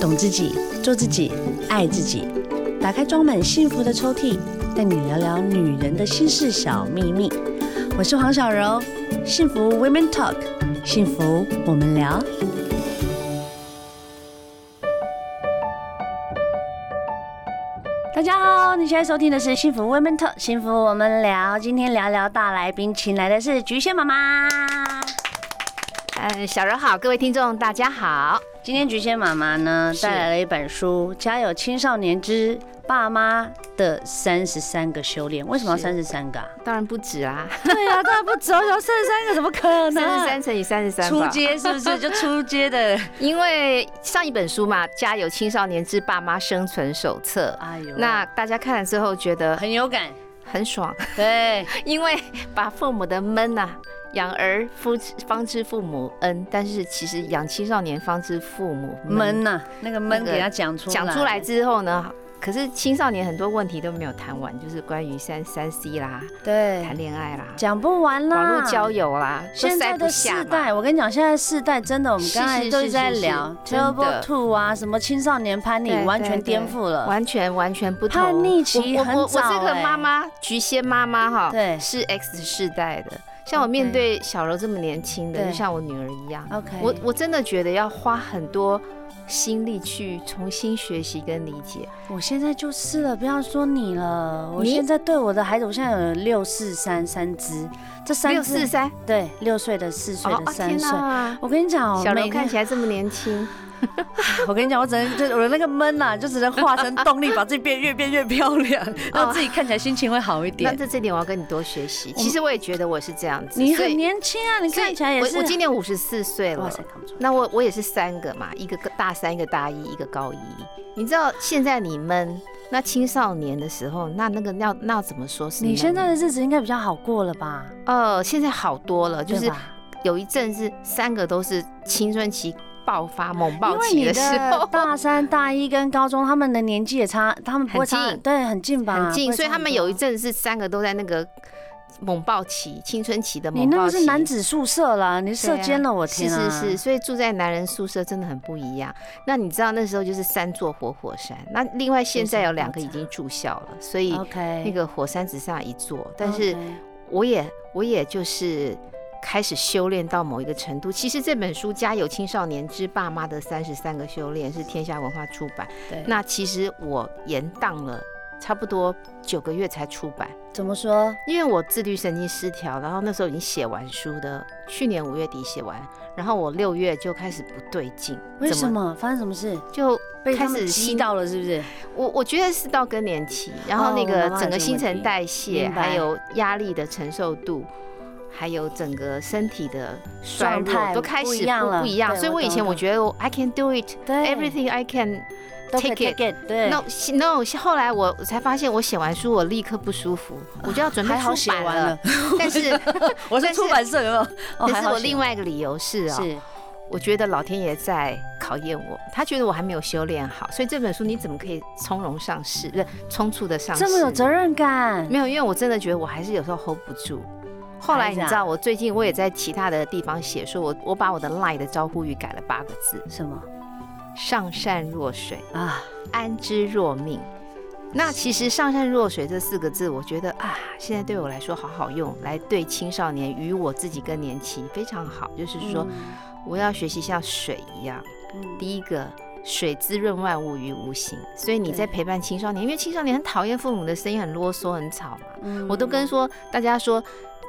懂自己，做自己，愛自己。打開裝滿幸福的抽屜，帶你聊聊女人的心事小祕密。我是黃小柔，幸福 Women Talk，幸福我們聊。大家好，你現在收聽的是幸福 Women Talk，幸福我們聊。今天聊聊大來賓，請來的是菊仙媽媽。嗯、小柔好，各位聽眾大家好。今天菊仙媽媽呢帶來了一本書《家有青少年之爸媽的三十三個修煉》，為什麼要三十三個、啊？當然不止啊。對啊，當然不止、啊、 我想三十三個怎麼可能？三十三乘以三十三。出街是不是就出街的？ 因為上一本書嘛，《家有青少年之爸媽生存手冊》。哎呦，那大家看了之後覺得很有感，很爽。對， 因為把父母的悶吶、啊。養兒夫方知父母恩，但是其實養青少年方知父母悶吶、啊。那個悶給他講出講、那個、出來之後呢，可是青少年很多問題都沒有談完，就是關於三三 C 啦，對，談戀愛啦，講不完啦，網絡交友啦。現在的世代，我跟你講，現在世代真的，我們剛才都是在聊 Terrible Two 啊，什麼青少年叛逆，完全顛覆了。對對對，完全完全不同。叛逆期很早。我我我這個媽媽，菊仙媽媽哈，對，是 X 世代的。像我面對小柔這麼年輕的，okay, 就像我女兒一樣。OK，我我真的覺得要花很多心力去重新學習跟理解。我現在就是了，不要說你了，我現在對我的孩子，我現在有六四三三隻，這三隻六四三，對，六歲的、四歲的、三歲、oh, 天。我跟你講，小柔看，看起來這麼年輕。 我跟你講，我只能就我那個悶吶、啊，就只能化成動力，把自己變越變越漂亮， 讓自己看起來心情會好一點。 那這一點我要跟你多學習。其實我也覺得我是這樣子。你很年輕啊，你看起來也是。我，我今年五十四歲了。哇塞，看不出來。那我我也是三個嘛，一個大三，一個大一，一個高一。你知道現在你們那青少年的時候，那那個要那要怎麼說是？是你現在的日子應該比較好過了吧？呃，現在好多了，就是有一陣是三個都是青春期。爆發猛爆期的時候，大三、大一跟高中他們的年紀也差，他們不很近。對，很近吧，很近。很所以他們有一陣是三個都在那個猛爆期，青春期的猛爆期。你那不是男子宿舍啦，你射精了，啊、我天、啊！是是是，所以住在男人宿舍真的很不一樣。那你知道那時候就是三座活火、火山。那另外現在有兩個已經住校了，所以那個火山只剩下一座。但是我也我也就是。開始修煉到某一個程度，其實這本書《家有青少年之爸媽的三十三個修煉》是天下文化出版。對。那其實我延宕了差不多九個月才出版。怎麼說？因為我自律神經失調，然後那時候已經寫完書的，去年五月底寫完，然後我六月就開始不對勁。為什麼？發生什麼事？就被開始吸他到了，是不是？我我覺得是到更年期，然後那個整個新陳代謝、哦、有還有壓力的承受度。還有整個身體的狀態都開始不，不一樣，所以我以前我覺得 I can do it, everything I can take it。對，no no。後來我才發現，我寫完書我立刻不舒服，啊、我就要準備出版了。了 但是我是出版社有有，可是我另外一個理由是啊、喔，我覺得老天爺在考驗我，他覺得我還沒有修煉好，所以這本書你怎麼可以從容上市，不是匆促的上市？這麼有責任感？沒有，因為我真的覺得我還是有時候 hold 不住。後來你知道，我最近我也在其他的地方寫，說我我把我的 line 的招呼語改了八個字，什麼？上善若水啊，安之若命。那其實上善若水這四個字，我覺得啊，現在對我來說好好用，嗯，來對青少年與我自己更年期非常好。就是說，我要學習像水一樣，嗯。第一個，水滋潤萬物於無形，所以你在陪伴青少年，因為青少年很討厭父母的聲音，很囉嗦，很吵嘛。嗯、我都跟說大家說。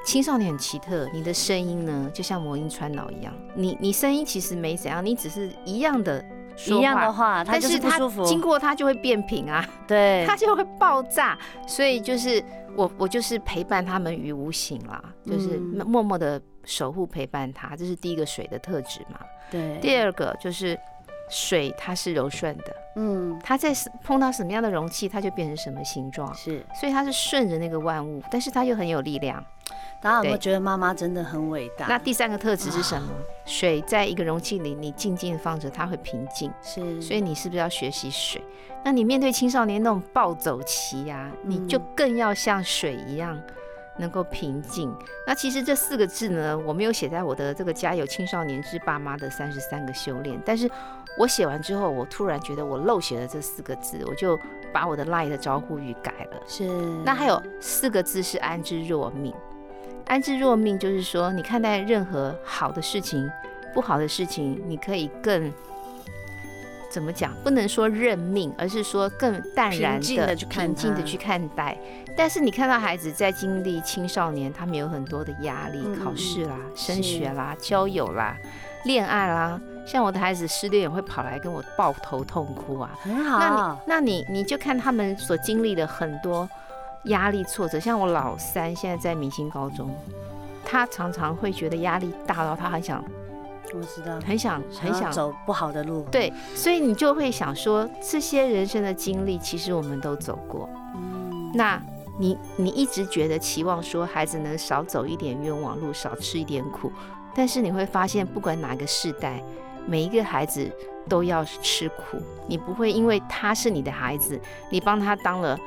青少年很奇特，你的聲音呢，就像魔音穿腦一樣。你你聲音其實沒怎樣，你只是一樣的說話，一樣的話，但是它經過它就會變平啊，對，它就會爆炸。所以就是我我就是陪伴他們於無形了、嗯，就是默默的守護陪伴他。這是第一個水的特質嘛？對。第二個就是水，它是柔順的，嗯，它在碰到什麼樣的容器，它就變成什麼形狀。是，所以它是順着那個萬物，但是它又很有力量。大家有沒有覺得媽媽真的很偉大？那第三個特質是什麼、啊？水在一個容器裡，你靜靜地放着，它會平靜。是，所以你是不是要學習水？那你面對青少年那種暴走期呀、啊嗯，你就更要像水一樣，能夠平靜。那其實這四個字呢，我沒有寫在我的這個《家有青少年之爸媽的三十三個修煉》，但是我寫完之後，我突然覺得我漏寫了這四個字，我就把我的賴的招呼語改了。是。那還有四個字是安之若命。安之若命，就是說，你看待任何好的事情、不好的事情，你可以更怎麼講？不能說認命，而是說更淡然的平的、平靜的去看待。但是你看到孩子在經歷青少年，他們有很多的壓力，嗯、考試啦、升學啦、交友啦、戀愛啦，像我的孩子失戀也會跑來跟我抱頭痛哭啊。很好。那你那你，你你就看他們所經歷的很多。壓力挫折，像我老三現在在明星高中，他常常會覺得壓力大，然後他很想，我知道，很想很想，想走不好的路，對，所以你就會想說，這些人生的經歷其實我們都走過。那你你一直覺得期望說孩子能少走一點冤枉路，少吃一點苦，但是你會發現，不管哪個世代，每一個孩子都要吃苦。你不會因為他是你的孩子，你幫他當了。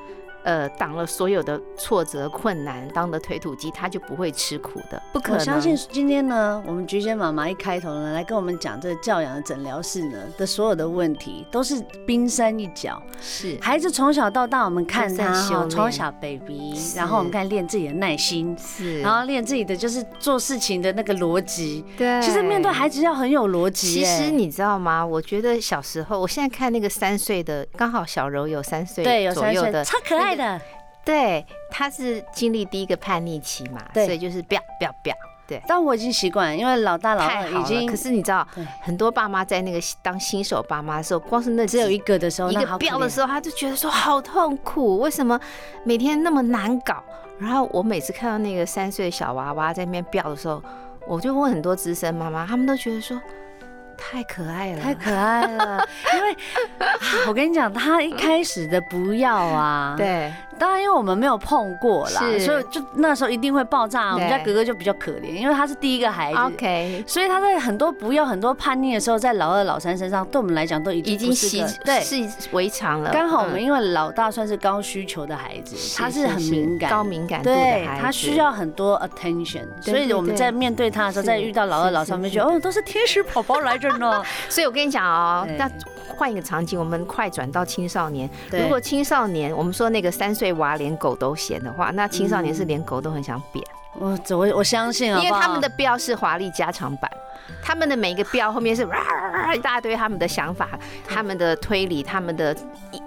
呃，擋了所有的挫折困難，當的推土機，他就不會吃苦的，不可相信。今天呢，呢我們菊仙媽媽一開頭呢，來跟我們講這個教養的診療室呢的所有的問題，都是冰山一角。是，孩子從小到大，我們看他哈，從小 baby，然後我們看練自己的耐心，是，然後練自己的就是做事情的那個邏輯。對，其實面對孩子要很有邏輯、欸。其實你知道嗎？我覺得小時候，我現在看那個三歲的，剛好小柔有三歲，對，有三歲的，超可愛。的，對，他是經歷第一個叛逆期嘛，對，所以就是飆飆飆，對。但我已經習慣了，因為老大老二已經太。可是你知道，很多爸媽在那個當新手爸媽的時候，光是那只有一個的時候，一個飆的時候，他就覺得說好痛苦，為什麼每天那麼難搞？然後我每次看到那個三歲的小娃娃在那邊飆的時候，我就問很多資深媽媽，他們都覺得說。太可愛了，太可愛了， 因為、 啊，我跟你講，他一開始的不要啊， 對。當然，因為我們沒有碰過啦，是，所以就那時候一定會爆炸。我們家格格就比較可憐，因為他是第一個孩子，okay. 所以他在很多不要、很多叛逆的時候，在老二、老三身上，對我們來講都已經習對是為常了。剛好我們因為老大算是高需求的孩子，嗯、他是很敏感，是是是、高敏感的對。的他需要很多 attention，對對對，所以我們在面對他的時候，在遇到老二、老三，是是是是，我們就覺得哦，都是天使寶寶來着呢。 所以我跟你講啊、哦，那換一個場景，我們快轉到青少年對。如果青少年，我們說那個三歲。對娃連狗都嫌的話，那青少年是連狗都很想扁。嗯，我，我我相信啊，因為他們的標是華麗加長版，他們的每一個標後面是。 一大堆他們的想法，他們的推理，他們的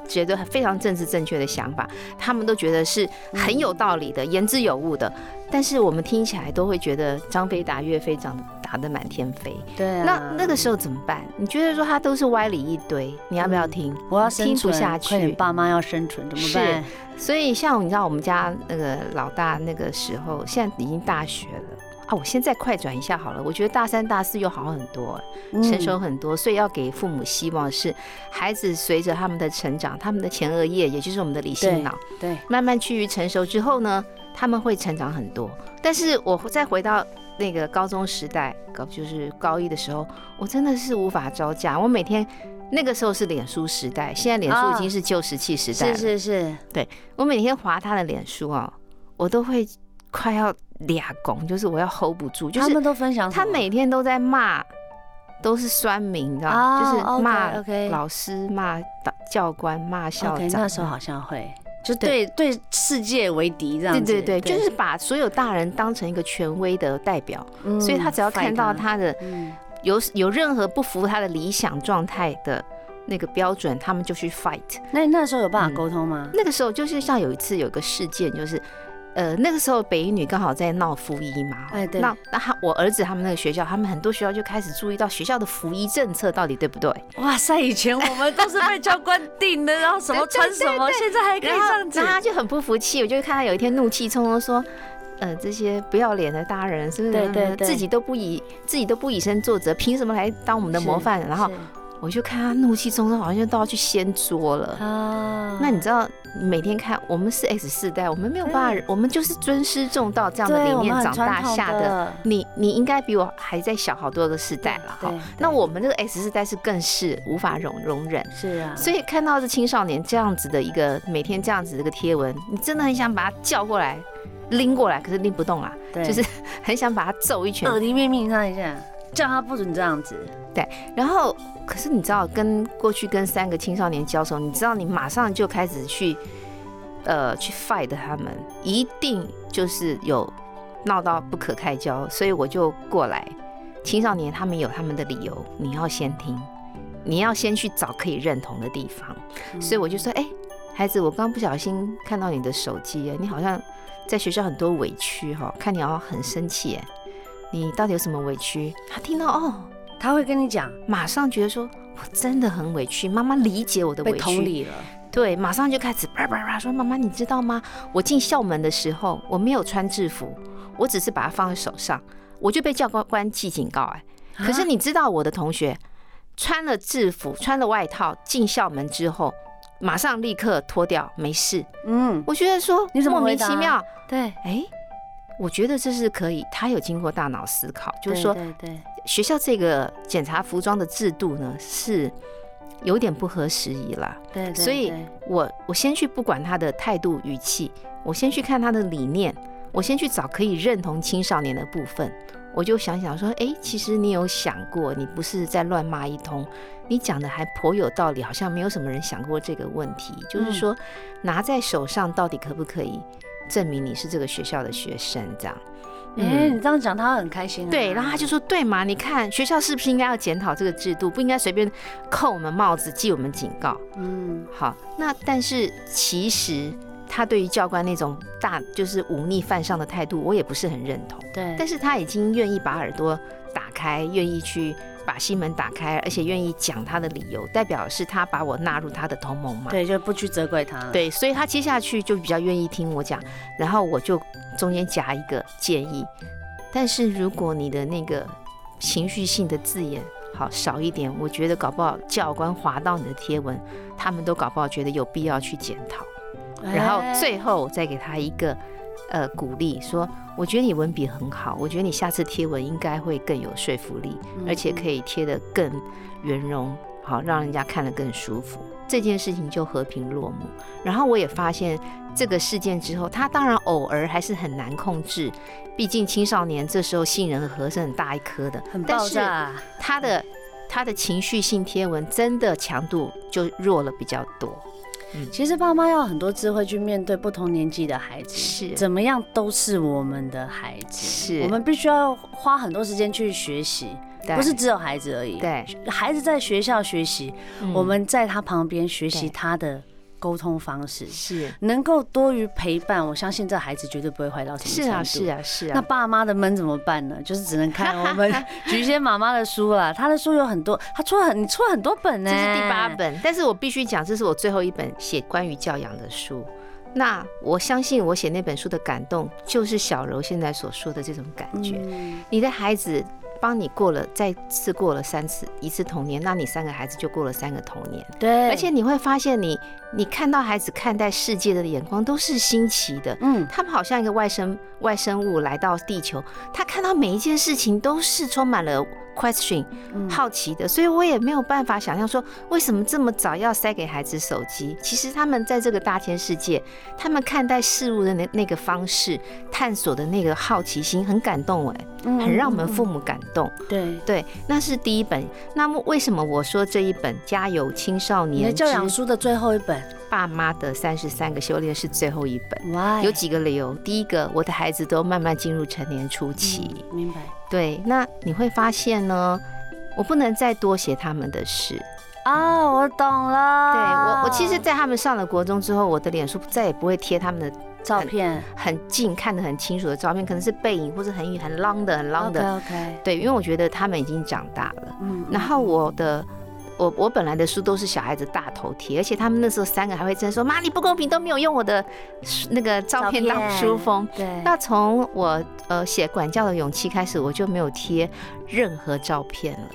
覺得非常政治正確的想法，他們都覺得是很有道理的、嗯，言之有物的。但是我們聽起來都會覺得張飛打岳飛，仗打得滿天飛。對、啊，那那個時候怎麼辦？你覺得說他都是歪理一堆，你要不要聽？嗯、我要生存聽不下去，爸媽要生存怎麼辦？所以像你知道我們家那個老大那個時候，現在已經大學了。啊，我現在快轉一下好了。我覺得大三、大四又好很多，嗯，成熟很多，所以要給父母希望是，孩子隨着他們的成長，他們的前額葉，也就是我們的理性腦，對，慢慢趨於成熟之後呢，他們會成長很多。但是我再回到那個高中時代，高就是高一的時候，我真的是無法招架。我每天那個時候是臉書時代，現在臉書已經是舊石器時代，哦，是是是，對我每天滑他的臉書哦，我都會快要。抓狂就是我要 hold 不住，就是他們都分享，他每天都在罵，都是酸民，你知道嗎？Oh, 就是罵老師、罵、okay, okay. 教官、罵校長。Okay, 那時候好像會、嗯、就對對，對世界為敵這樣子，對對對，對，就是把所有大人當成一個權威的代表。嗯、所以他只要看到他的、嗯、有有任何不符他的理想狀態的那個標準，他們就去 fight。那那時候有辦法溝通嗎、嗯？那個時候就是像有一次有一個事件，就是。呃，那個時候北一女剛好在鬧服儀嘛，對那那他我兒子他們那個學校，他們很多學校就開始注意到學校的服儀政策到底對不對？哇塞，以前我們都是被教官定的，然後什麼穿什麼，現在還可以這樣子，他就很不服氣，我就看他有一天怒氣冲沖說：“呃，這些不要臉的大人，是不是、啊、自己都不以自己都不以身作則，憑什麼來當我們的模範？”然後。我就看他怒氣沖沖，好像就都要去掀桌了啊！那你知道每天看我們是 X 世代，我們沒有辦法，嗯、我們就是尊師重道這樣的理念的長大下的。你你應該比我還在小好多的世代了哈。那我們這個 X 世代是更是無法容容忍。是啊。所以看到這青少年這樣子的一個每天這樣子的一個貼文，你真的很想把他叫過來拎過來，可是拎不動啊，就是很想把他揍一拳，耳提面命看一下。叫他不准這樣子，對。然後，可是你知道，跟過去跟三個青少年交手，你知道你馬上就開始去，呃，去 fight 他們，一定就是有鬧到不可開交。所以我就過來，青少年他們有他們的理由，你要先聽，你要先去找可以認同的地方。所以我就說，哎，孩子，我剛剛不小心看到你的手機，欸，你好像在學校很多委屈哈，喔，看你好像很生氣，欸，你到底有什麼委屈？他聽到哦，他會跟你講，馬上覺得說，我真的很委屈。媽媽理解我的委屈，被同理了。對，馬上就開始叭叭叭說，媽媽你知道嗎？我進校門的時候我沒有穿制服，我只是把它放在手上，我就被教官記警告。欸，哎，啊，可是你知道我的同學穿了制服，穿了外套進校門之後，馬上立刻脫掉，沒事。嗯，我覺得說你怎麼莫名其妙？對，哎，欸。我覺得這是可以，他有經過大腦思考，就是說，對，對，對學校這個檢查服裝的制度呢，是有點不合時宜啦。對，對，對，所以我我先去不管他的態度語氣，我先去看他的理念，我先去找可以認同青少年的部分，我就想想說，哎，其實你有想過，你不是在亂罵一通，你講的還頗有道理，好像沒有什麼人想過這個問題，嗯、就是說，拿在手上到底可不可以？證明你是這個學校的學生，這樣。哎，你這樣講他很開心。對，然後他就說：“對嘛，你看學校是不是應該要檢討這個制度，不應該隨便扣我們帽子、記我們警告。”嗯，好。那但是其實他對於教官那種大就是忤逆犯上的態度，我也不是很認同。對，但是他已經願意把耳朵打開，願意去。把心門打開，而且願意講他的理由，代表是他把我納入他的同盟嘛？對，就不去責怪他。對，所以他接下去就比較願意聽我講，然後我就中間夾一個建議。但是如果你的那個情緒性的字眼好少一點，我覺得搞不好教官滑到你的貼文，他們都搞不好覺得有必要去檢討，然後最後再給他一個。呃，鼓勵說，我覺得你文筆很好，我覺得你下次貼文應該會更有說服力，嗯、而且可以貼得更圓融，好，讓人家看得更舒服。這件事情就和平落幕。然後我也發現，這個事件之後，他當然偶爾還是很難控制，畢竟青少年這時候杏仁核是很大一顆的，很爆炸、啊、但是他的他的情緒性貼文真的強度就弱了比較多。嗯，其實爸媽要很多智慧去面對不同年紀的孩子是，怎麼樣都是我們的孩子，我們必須要花很多時間去學習，不是只有孩子而已，對，孩子在學校學習，我們在他旁邊學習他的。溝通方式是、啊、能夠多於陪伴，我相信這孩子絕對不會壞到什麼程度。是啊，是啊，是啊。那爸媽的悶怎麼辦呢？就是只能看我們菊仙媽媽的書了。她的書有很多，她出了很你出了很多本呢。欸，這是第八本。但是我必須講，這是我最後一本寫關於教養的書。那我相信我寫那本書的感動，就是小柔現在所說的這種感覺。嗯，你的孩子。幫你過了，再一次過了三次一次童年，那你三個孩子就過了三個童年。對，而且你會發現你，你你看到孩子看待世界的眼光都是新奇的。嗯，他們好像一個外生外生物來到地球，他看到每一件事情都是充滿了 Question，好奇的、嗯，所以我也沒有辦法想象，說為什麼這麼早要塞給孩子手機。其實他們在這個大千世界，他們看待事物的那那個方式，探索的那個好奇心，很感動哎，很讓我們父母感動嗯嗯嗯。對，對，那是第一本。那麼為什麼我說這一本《家有青少年》教養書的最後一本，《爸媽的三十三個修煉》是最後一本？Why? 有幾個理由。第一個，我的孩子都慢慢進入成年初期。嗯、明白。對，那你會發現呢，我不能再多寫他們的事啊、哦。我懂了。對，我我其實，在他們上了國中之後，我的臉書再也不會貼他們的照片，很近看得很清楚的照片，可能是背影，或是很遠很 long 的、很 long 的。Okay, OK。對，因為我覺得他們已經長大了。嗯。然後我的。我我本來的書都是小孩子大頭貼，而且他們那時候三個還會在說，媽你不公平，都沒有用我的那個照片當書封。對。那從我呃寫《管教的勇氣》開始，我就沒有貼任何照片了，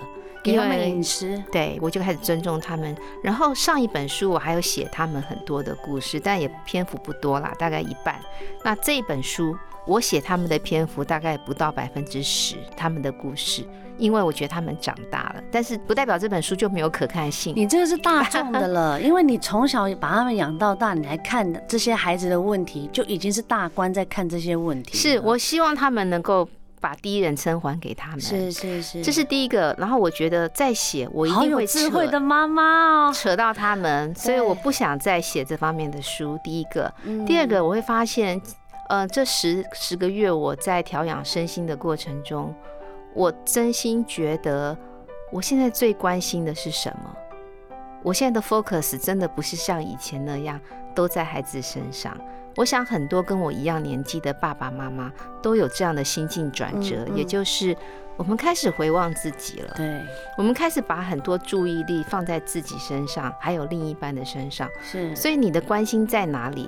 因為隱私。對，我就開始尊重他們。然後上一本書我還有寫他們很多的故事，但也篇幅不多啦，大概一半。那這一本書我寫他們的篇幅大概不到百分之十，他們的故事。因為我覺得他們長大了，但是不代表這本書就沒有可看性。你這個是大眾的了， 因為你從小把他們養到大，你來看這些孩子的問題，就已經是大官在看這些問題。是，我希望他們能夠把第一人稱還給他們。是是是，這是第一個。然後我覺得在寫我一定會扯。好有智慧的媽媽哦，扯到他們，所以我不想再寫這方面的書。第一個，第二個我會發現，呃，這十十個月我在調養身心的過程中。我真心覺得，我現在最關心的是什麼？我現在的 focus 真的不是像以前那樣都在孩子身上。我想很多跟我一樣年紀的爸爸媽媽都有這樣的心境轉折，嗯嗯，也就是我們開始回望自己了。對，我們開始把很多注意力放在自己身上，還有另一半的身上。是，所以你的關心在哪裡？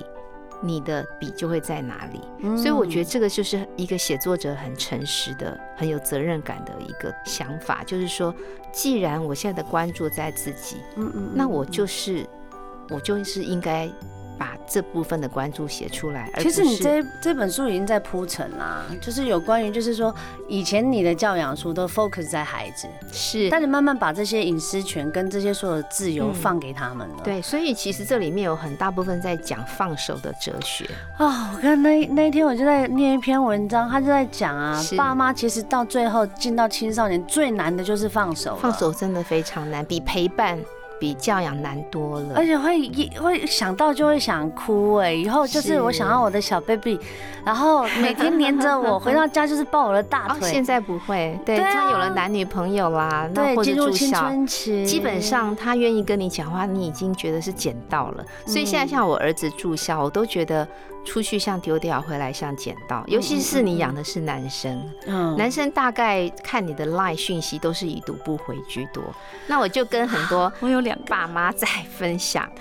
你的筆就會在哪裡，嗯、所以我覺得這個就是一個寫作者很誠實的、很有責任感的一個想法，就是說，既然我現在的關注在自己，那我就是，我就是應該。把這部分的關注寫出來而。其實你這這本書已經在鋪陳啦，就是有關於，就是說以前你的教養書都 focus 在孩子，是，但是慢慢把這些隱私權跟這些所有的自由放給他們了、嗯。對，所以其實這裡面有很大部分在講放手的哲學啊。我、嗯、看、哦、那那一天我就在念一篇文章，他就在講啊，爸媽其實到最後進到青少年最難的就是放手了，放手真的非常難，比陪伴。比教養難多了，而且會一會想到就會想哭哎、欸。以後就是我想要我的小 baby，然後每天黏着我，回到家就是抱我的大腿。 哦、現在不會，對，他、啊、有了男女朋友啦，那進入住校基本上他願意跟你講話，你已經覺得是撿到了、嗯。所以現在像我兒子住校，我都覺得。出去像丟掉，回來像撿到。尤其是你養的是男生嗯嗯嗯嗯，男生大概看你的賴訊息都是已讀不回居多。那我就跟很多爸媽在分享，啊、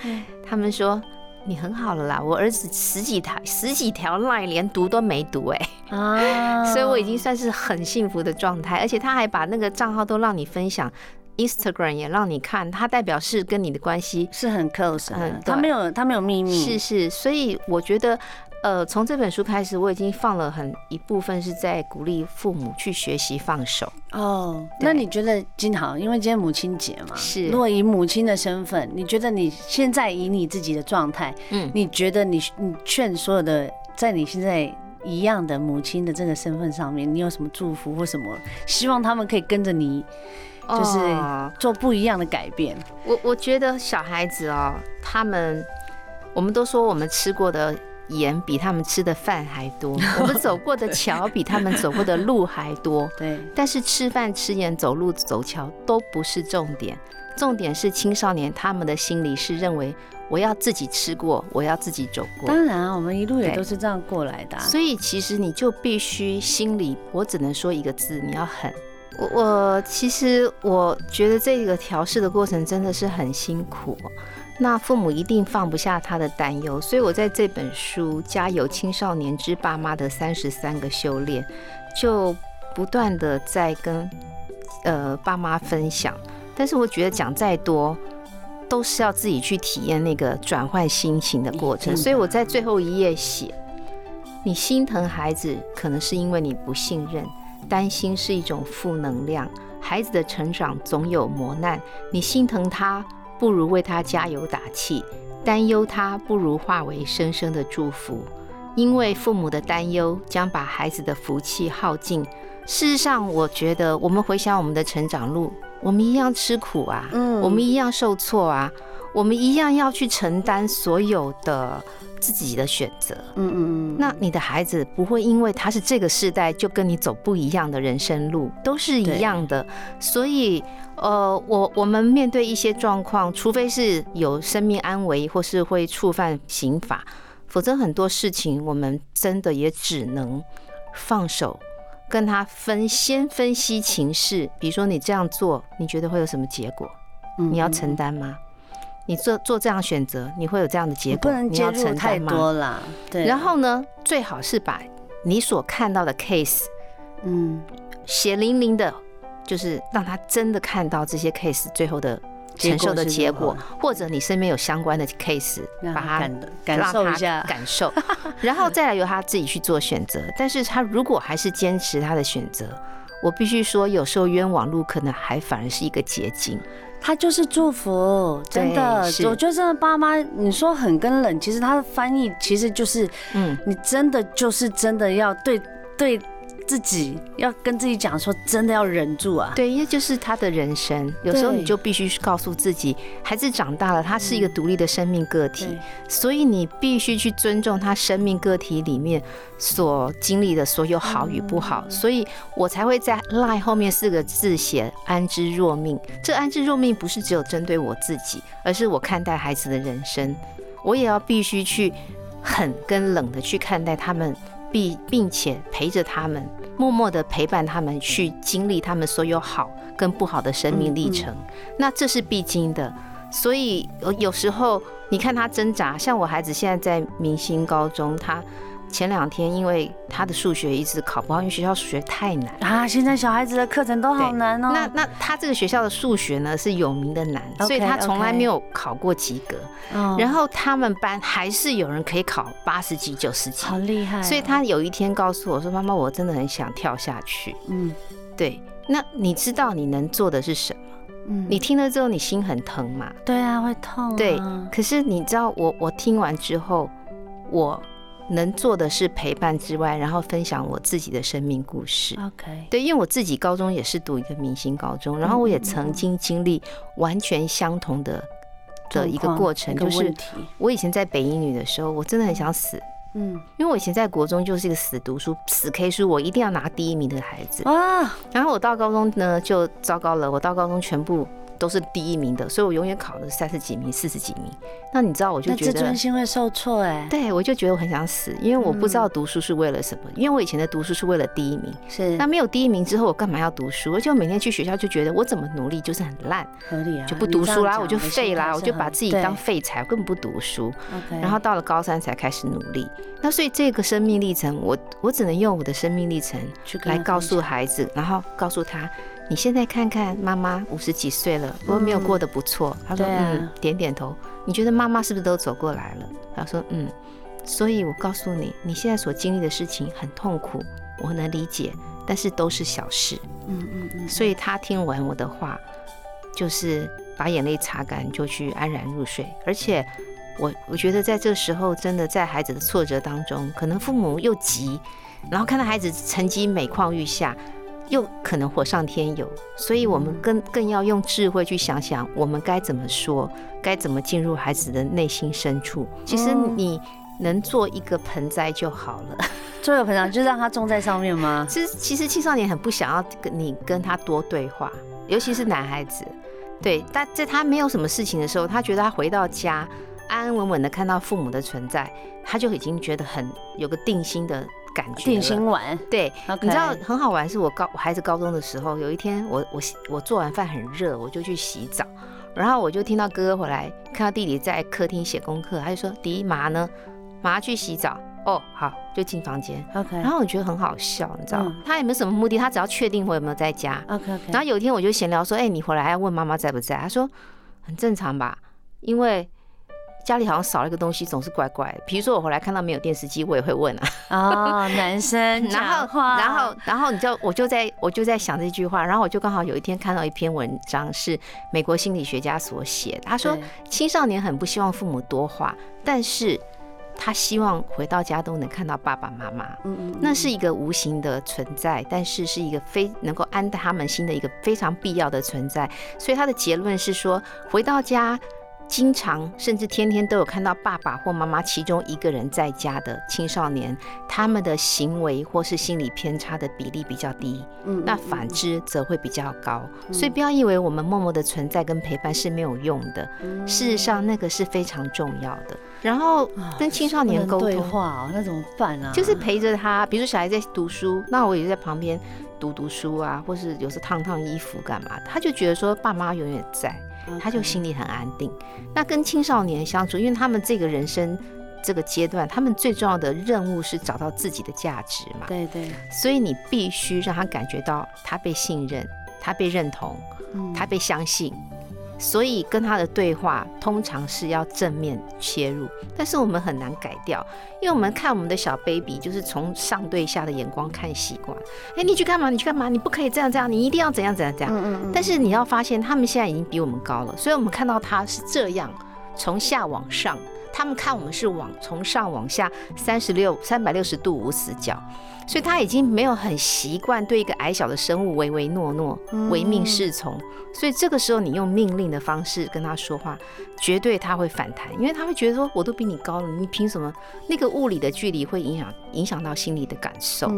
他們說你很好了啦。我兒子十幾條十幾條賴連讀都沒讀哎、欸，啊， 所以我已經算是很幸福的狀態。而且他還把那個賬號都讓你分享。Instagram 也讓你看，它，代表是跟你的關係是很 close，、嗯、他沒有他沒有秘密，是是。所以我覺得，呃，從這本書開始，我已經放了很一部分是在鼓勵父母去學習放手。哦、嗯，oh, 那你覺得剛好，因為今天母親節嘛，是如果以母親的身份，你覺得你現在以你自己的狀態，嗯，你覺得你你勸所有的在你現在一樣的母親的這個身份上面，你有什麼祝福或什麼希望他們可以跟着你？就是做不一樣的改變，oh, 我。我我覺得小孩子哦、喔，他們，我們都說我們吃過的鹽比他們吃的飯還多， 我們走過的橋比他們走過的路還多。 對。但是吃飯吃鹽、走路走橋都不是重點，重點是青少年他們的心裡是認為我要自己吃過，我要自己走過。當然啊，我們一路也都是這樣過來的、啊。所以其實你就必須心裡，我只能說一個字，你要狠。我其實我覺得這個調適的過程真的是很辛苦，那父母一定放不下他的擔憂，所以我在這本書《家有青少年之爸媽的三十三個修煉》就不斷的在跟呃爸媽分享，但是我覺得講再多都是要自己去體驗那個轉換心情的過程，所以我在最後一頁寫：你心疼孩子，可能是因為你不信任。擔心是一種負能量，孩子的成長總有磨難，你心疼他，不如為他加油打氣；擔憂他，不如化為深深的祝福。因為父母的擔憂將把孩子的福氣耗盡。事實上，我覺得我們回想我們的成長路，我們一樣吃苦啊，嗯，我們一樣受挫啊，我們一樣要去承擔所有的。自己的選擇，嗯嗯嗯，那你的孩子不會因為他是這個世代就跟你走不一樣的人生路，都是一樣的。所以，呃，我我們面對一些狀況，除非是有生命安危或是會觸犯刑法，否則很多事情我們真的也只能放手，跟他分先分析情勢。比如說你這樣做，你覺得會有什麼結果？嗯嗯，你要承擔嗎？你做做這樣選擇，你會有這樣的結果。你不能介入太多啦了。對。然後呢，最好是把你所看到的 case，嗯，血淋淋的，就是讓他真的看到這些 case 最後的承受的結果，結果或者你身邊有相關的 case，讓他感受一下，感受， 然後再來由他自己去做選擇。但是他如果還是堅持他的選擇，我必須說，有時候冤枉路可能還反而是一個捷徑。他就是祝福，真的，我覺得爸媽，你說狠跟冷，其實他的翻譯其實就是，嗯，你真的就是真的要對對。自己要跟自己講說，真的要忍住啊！對，因為就是他的人生，有時候你就必須告訴自己，孩子長大了，他是一個獨立的生命個體，嗯、所以你必須去尊重他生命個體裡面所經歷的所有好與不好、嗯。所以我才會在 “LINE” 後面四個字寫“安之若命”。這“安之若命”不是只有針對我自己，而是我看待孩子的人生，我也要必須去狠跟冷的去看待他們。並並且陪着他們，默默地陪伴他們，去經歷他們所有好跟不好的生命歷程。嗯嗯。那這是必經的，所以有有時候你看他掙扎，像我孩子現在在明星高中，他。前兩天，因為他的數學一直考不好，因為學校數學太難啊。現在小孩子的課程都好難哦。那那他這個學校的數學呢是有名的難，okay, okay. 所以他從來沒有考過及格。Oh. 然後他們班還是有人可以考八十幾、九十幾，好厲害。所以他有一天告訴我說：“媽媽，我真的很想跳下去。”嗯，對。那你知道你能做的是什麼？嗯，你聽了之後，你心很疼嘛？對啊，會痛啊。對。可是你知道我，我聽完之後，我。能做的是陪伴之外，然後分享我自己的生命故事。OK，對，因為我自己高中也是讀一個明星高中，嗯、然後我也曾經經歷完全相同的的一個過程個，就是我以前在北一女的時候，我真的很想死。嗯，因為我以前在國中就是一個死讀書、死 K 書，我一定要拿第一名的孩子。哇、啊，然後我到高中呢就糟糕了，我到高中全部。都是第一名的，所以我永遠考了三十幾名、四十幾名。那你知道，我就覺得自尊心會受挫哎、欸。對，我就覺得我很想死，因為我不知道讀書是為了什麼。嗯、因為我以前的讀書是為了第一名，是那沒有第一名之後，我幹嘛要讀書？而且我每天去學校就覺得我怎麼努力就是很爛，合理啊，就不讀書啦，我就廢啦，我就把自己當廢材，我材我根本不讀書、okay。然後到了高三才開始努力。那所以這個生命歷程，我我只能用我的生命歷程去來告訴孩子，然後告訴他。你現在看看媽媽五十幾歲了，不過沒有過得不錯。他、嗯、說、啊：“嗯，點點頭。”你覺得媽媽是不是都走過來了？他說：“嗯。”所以，我告訴你，你現在所經歷的事情很痛苦，我能理解，但是都是小事。嗯嗯嗯。所以他聽完我的話，就是把眼淚擦乾，就去安然入睡。而且我，我我覺得在這個時候，真的在孩子的挫折當中，可能父母又急，然後看到孩子成績每況愈下。又可能火上添油。所以我們更更要用智慧去想想，我們該怎麼說，該怎麼進入孩子的內心深處。其實你能做一個盆栽就好了，嗯、做一個盆栽就讓它種在上面嗎？其實其實青少年很不想要跟你跟他多對話，尤其是男孩子，對，但在他沒有什麼事情的時候，他覺得他回到家安安穩穩的看到父母的存在，他就已經覺得很有個定心的感定心丸對，Okay. 你知道很好玩是我，我高孩子高中的時候，有一天我我我做完飯很熱，我就去洗澡，然後我就聽到哥哥回來，看到弟弟在客廳寫功課，他就說：“弟，媽呢，媽去洗澡。”哦，好，就進房間。Okay. 然後我覺得很好笑，你知道，他也沒有什麼目的，他只要確定我有沒有在家。Okay. Okay. 然後有一天我就閒聊說：“哎、欸，你回來要問媽媽在不在？”他說：“很正常吧，因為。”家裡好像少了一個東西，總是怪怪的。比如說，我回來看到沒有電視機，我也會問啊。哦、oh,，男生， 然後，然後，然後，你就，我就在我就在想這句話，然後我就剛好有一天看到一篇文章，是美國心理學家所寫，他說青少年很不希望父母多話，但是他希望回到家都能看到爸爸媽媽。嗯，嗯嗯。那是一個無形的存在，但是是一個非能夠安他們心的一個非常必要的存在。所以他的結論是說，回到家。經常甚至天天都有看到爸爸或媽媽其中一個人在家的青少年，他們的行為或是心理偏差的比例比較低。嗯，那反之則會比較高，嗯。所以不要以為我們默默的存在跟陪伴是沒有用的，嗯，事實上那個是非常重要的。然後跟青少年溝通，啊，對話，哦，那怎麼辦啊？就是陪着他，比如說小孩在讀書，那我也就在旁邊讀讀書啊，或是有時燙燙衣服幹嘛，他就覺得說爸媽永遠在。他就心裡很安定。Okay. 那跟青少年相處，因為他們這個人生這個階段，他們最重要的任務是找到自己的價值嘛。對對。所以你必須讓他感覺到他被信任，他被認同，嗯、他被相信。所以跟他的對話通常是要正面切入，但是我們很難改掉，因為我們看我們的小 baby 就是從上對下的眼光看習慣。哎、欸，你去幹嘛？你去幹嘛？你不可以這樣這樣，你一定要怎樣怎樣怎樣。嗯嗯嗯。但是你要發現，他們現在已經比我們高了，所以我們看到他是這樣，從下往上。他們看我們是往從上往下三十六三百六十度無死角，所以他已經沒有很習慣對一個矮小的生物唯唯諾諾、唯命是從，所以這個時候你用命令的方式跟他說話，絕對他會反彈，因為他會覺得說我都比你高了，你憑什麼？那個物理的距離會影響影響到心理的感受，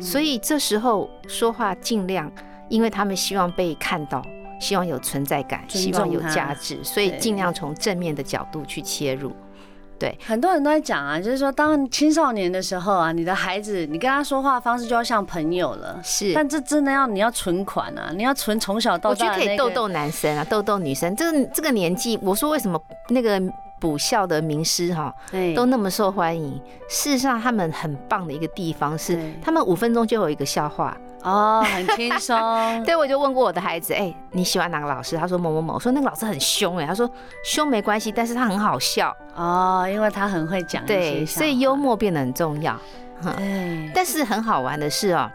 所以這時候說話盡量，因為他們希望被看到，希望有存在感，希望有價值，所以盡量從正面的角度去切入。對，很多人都在講啊，就是說，當青少年的時候啊，你的孩子，你跟他說話方式就要像朋友了。是，但這真的要你要存款啊，你要存從小到大，那個。我覺得可以逗逗男生啊，逗逗女生。這個，這個年紀，我說為什麼那個補校的名師哈，對，都那麼受歡迎？事實上，他們很棒的一個地方是，他們五分鐘就有一個笑話。哦，很輕鬆。對，我就問過我的孩子，哎，你喜歡哪個老師？他說某某某。我說那個老師很凶，哎，他說凶沒關係，但是他很好笑哦，因為他很會講。對，所以幽默變得很重要。對。但是很好玩的是哦，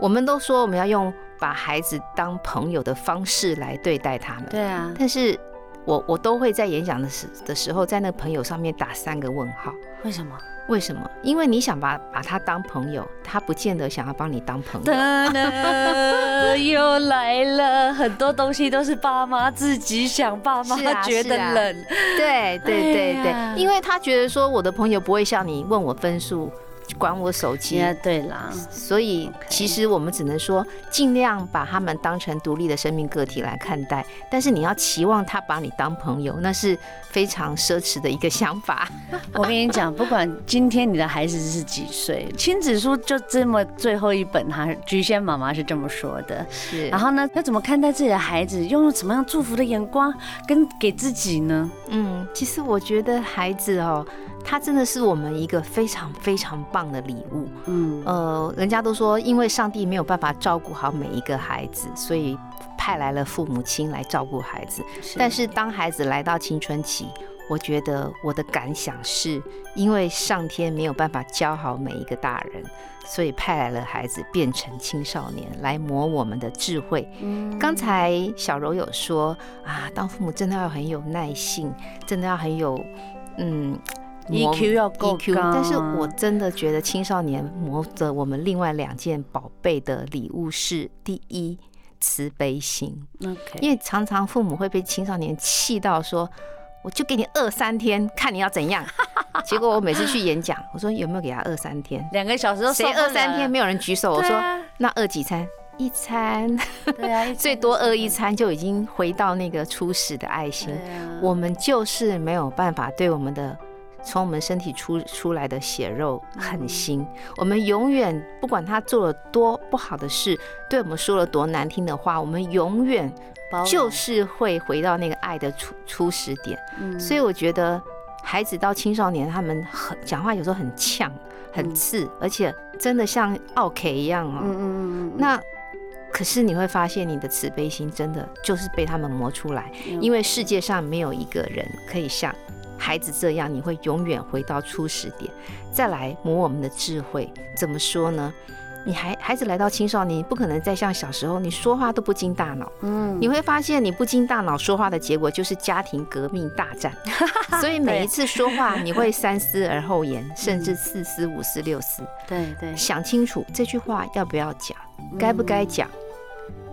我們都說我們要用把孩子當朋友的方式來對待他們。對啊。但是我我都會在演講的時的時候，在那個朋友上面打三個問號。為什麼？為什麼？因為你想把把他當朋友，他不見得想要幫你當朋友。 又來了，很多東西都是爸媽自己想，爸媽覺得冷、啊啊。對對對對、哎，因為他覺得說我的朋友不會像你問我分數。管我手機，對啦，所以其實我們只能說盡量把他們當成獨立的生命個體來看待。但是你要期望他把你當朋友，那是非常奢侈的一個想法。 我跟你講，不管今天你的孩子是幾歲，《親子書》就這麼最後一本，哈，菊仙媽媽是這麼說的。是。然後呢，要怎麼看待自己的孩子，用什麼樣祝福的眼光跟給自己呢？嗯，其實我覺得孩子哦、喔。它真的是我們一個非常非常棒的禮物，嗯，呃，人家都說，因為上帝沒有辦法照顧好每一個孩子，所以派來了父母親來照顧孩子。但是當孩子來到青春期，我覺得我的感想是，因為上天沒有辦法教好每一個大人，所以派來了孩子變成青少年來磨我們的智慧。剛才小柔有說啊，當父母真的要很有耐性，真的要很有，嗯。EQ 要夠高，啊，但是我真的覺得青少年磨著我們另外兩件寶貝的禮物是第一，慈悲心。因為常常父母會被青少年氣到說：“我就給你餓三天，看你要怎樣。”結果我每次去演講，我說：“有沒有給他餓三天？”兩個小時誰餓三天？沒有人舉手。我說：“那餓幾餐？一餐？對啊，最多餓一餐就已經回到那個初始的愛心。我們就是沒有辦法對我們的。”從我們身體出出來的血肉很新，我們永遠不管他做了多不好的事，對我們說了多難聽的話，我們永遠就是會回到那個愛的初初始點。所以我覺得孩子到青少年，他們很講話，有時候很嗆、很刺，而且真的像奧 K 一樣哦、喔。那可是你會發現，你的慈悲心真的就是被他們磨出來，因為世界上沒有一個人可以像。孩子這樣，你會永遠回到初始點，再來磨我們的智慧。怎麼說呢？你孩孩子來到青少年，不可能再像小時候，你說話都不經大腦。嗯，你會發現你不經大腦說話的結果就是家庭革命大戰。所以每一次說話，你會三思而後言，甚至四思、五思、六思。對對，想清楚這句話要不要講，該不該講。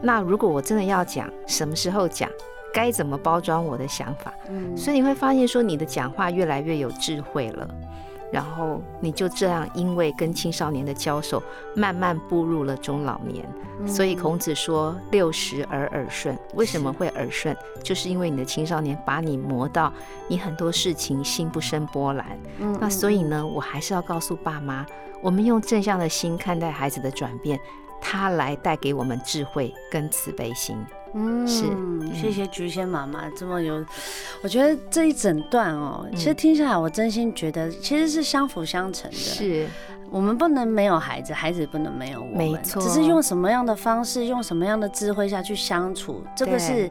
那如果我真的要講，什麼時候講？該怎麼包裝我的想法？嗯，所以你會發現，說你的講話越來越有智慧了。然後你就這樣，因為跟青少年的交手，慢慢步入了中老年，嗯。所以孔子說六十而耳順，為什麼會耳順？就是因為你的青少年把你磨到，你很多事情心不生波瀾。嗯，嗯，那所以呢，我還是要告訴爸媽，我們用正向的心看待孩子的轉變，他來帶給我們智慧跟慈悲心。嗯，是，謝謝菊仙媽媽這麼有，嗯、我覺得這一整段哦，嗯、其實聽下來，我真心覺得其實是相輔相成的，是我們不能沒有孩子，孩子也不能沒有我們，沒錯，只是用什麼樣的方式，用什麼樣的智慧下去相處，這個是。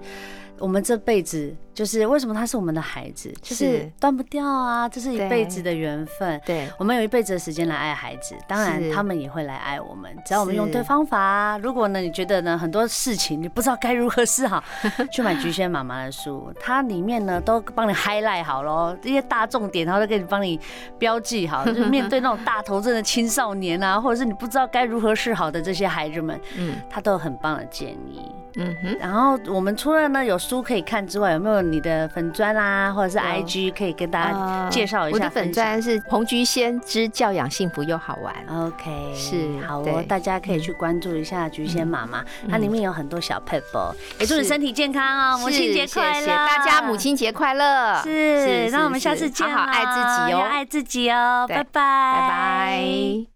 我們這輩子就是為什麼他是我們的孩子，是，就是斷不掉啊，這是一輩子的緣分。對，我們有一輩子的時間來愛孩子，嗯，當然他們也會來愛我們。只要我們用對方法。如果呢，你覺得呢很多事情你不知道該如何是好， 去買菊仙媽媽的書，它裡面呢都幫你 highlight 好咯。這些大重點，然後都給你幫你標記好。就面對那種大頭症的青少年啊， 或者是你不知道該如何是好的這些孩子們，嗯，他都有很棒的建議。嗯哼，然後我們除了呢有書可以看之外，有沒有你的粉專啊，或者是 I G 可以跟大家介紹一下、呃？我的粉專是彭菊仙之教養幸福又好玩。OK，是好哦，大家可以去關注一下菊仙媽媽、嗯嗯，它裡面有很多小撇步，也祝你身體健康哦。母親節快樂，謝謝大家母親節快樂。是，那我們下次見好,好愛自己哦，愛自己哦,愛自己哦，拜拜，拜拜。